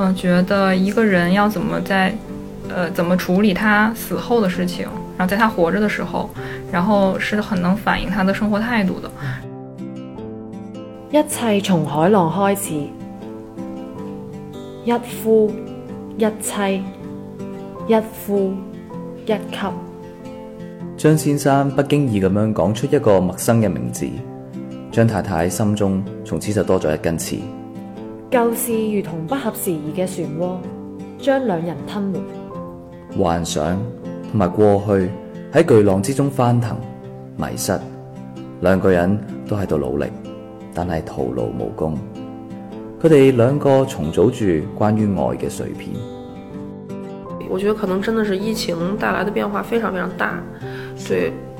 嗯，我覺得一個人要怎麼在，呃，怎麼處理他死後的事情，然後在他活着的時候，然後是很能反映他的生活態度的。一切從海浪開始，一夫一妻，一夫一妻。張先生不經意咁樣講出一個陌生嘅名字，張太太心中從此就多咗一根刺。舊事如同不合時宜嘅漩渦，將兩人吞沒。幻想同埋過去喺巨浪之中翻騰迷失，兩個人都喺度努力，但係徒勞無功。佢哋兩個重組住關於愛嘅碎片。我覺得可能，真的是疫情帶來的變化非常非常大，所以。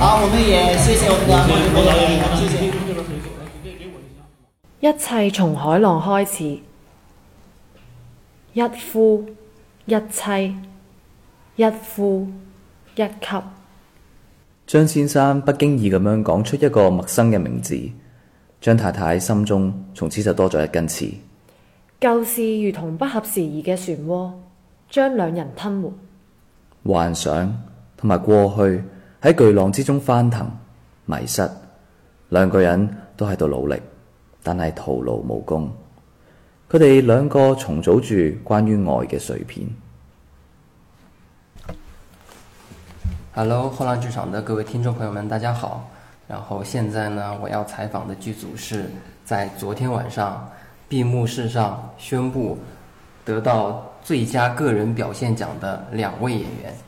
好、啊，我們也謝謝我們的。一切從海浪開始，一夫一妻，一呼一吸。張先生不經意咁樣講出一個陌生嘅名字，張太太心中從此就多咗一根刺。舊事如同不合時宜嘅漩渦，將兩人吞沒。幻想同埋過去。喺巨浪之中翻騰迷失，兩個人都喺度努力，但係徒勞無功。佢哋兩個重組住關於愛嘅碎片。Hello，後浪劇場嘅各位聽眾朋友們，大家好。然後現在呢，我要採訪嘅劇組是在昨天晚上閉幕式上宣布得到最佳個人表現獎嘅兩位演員。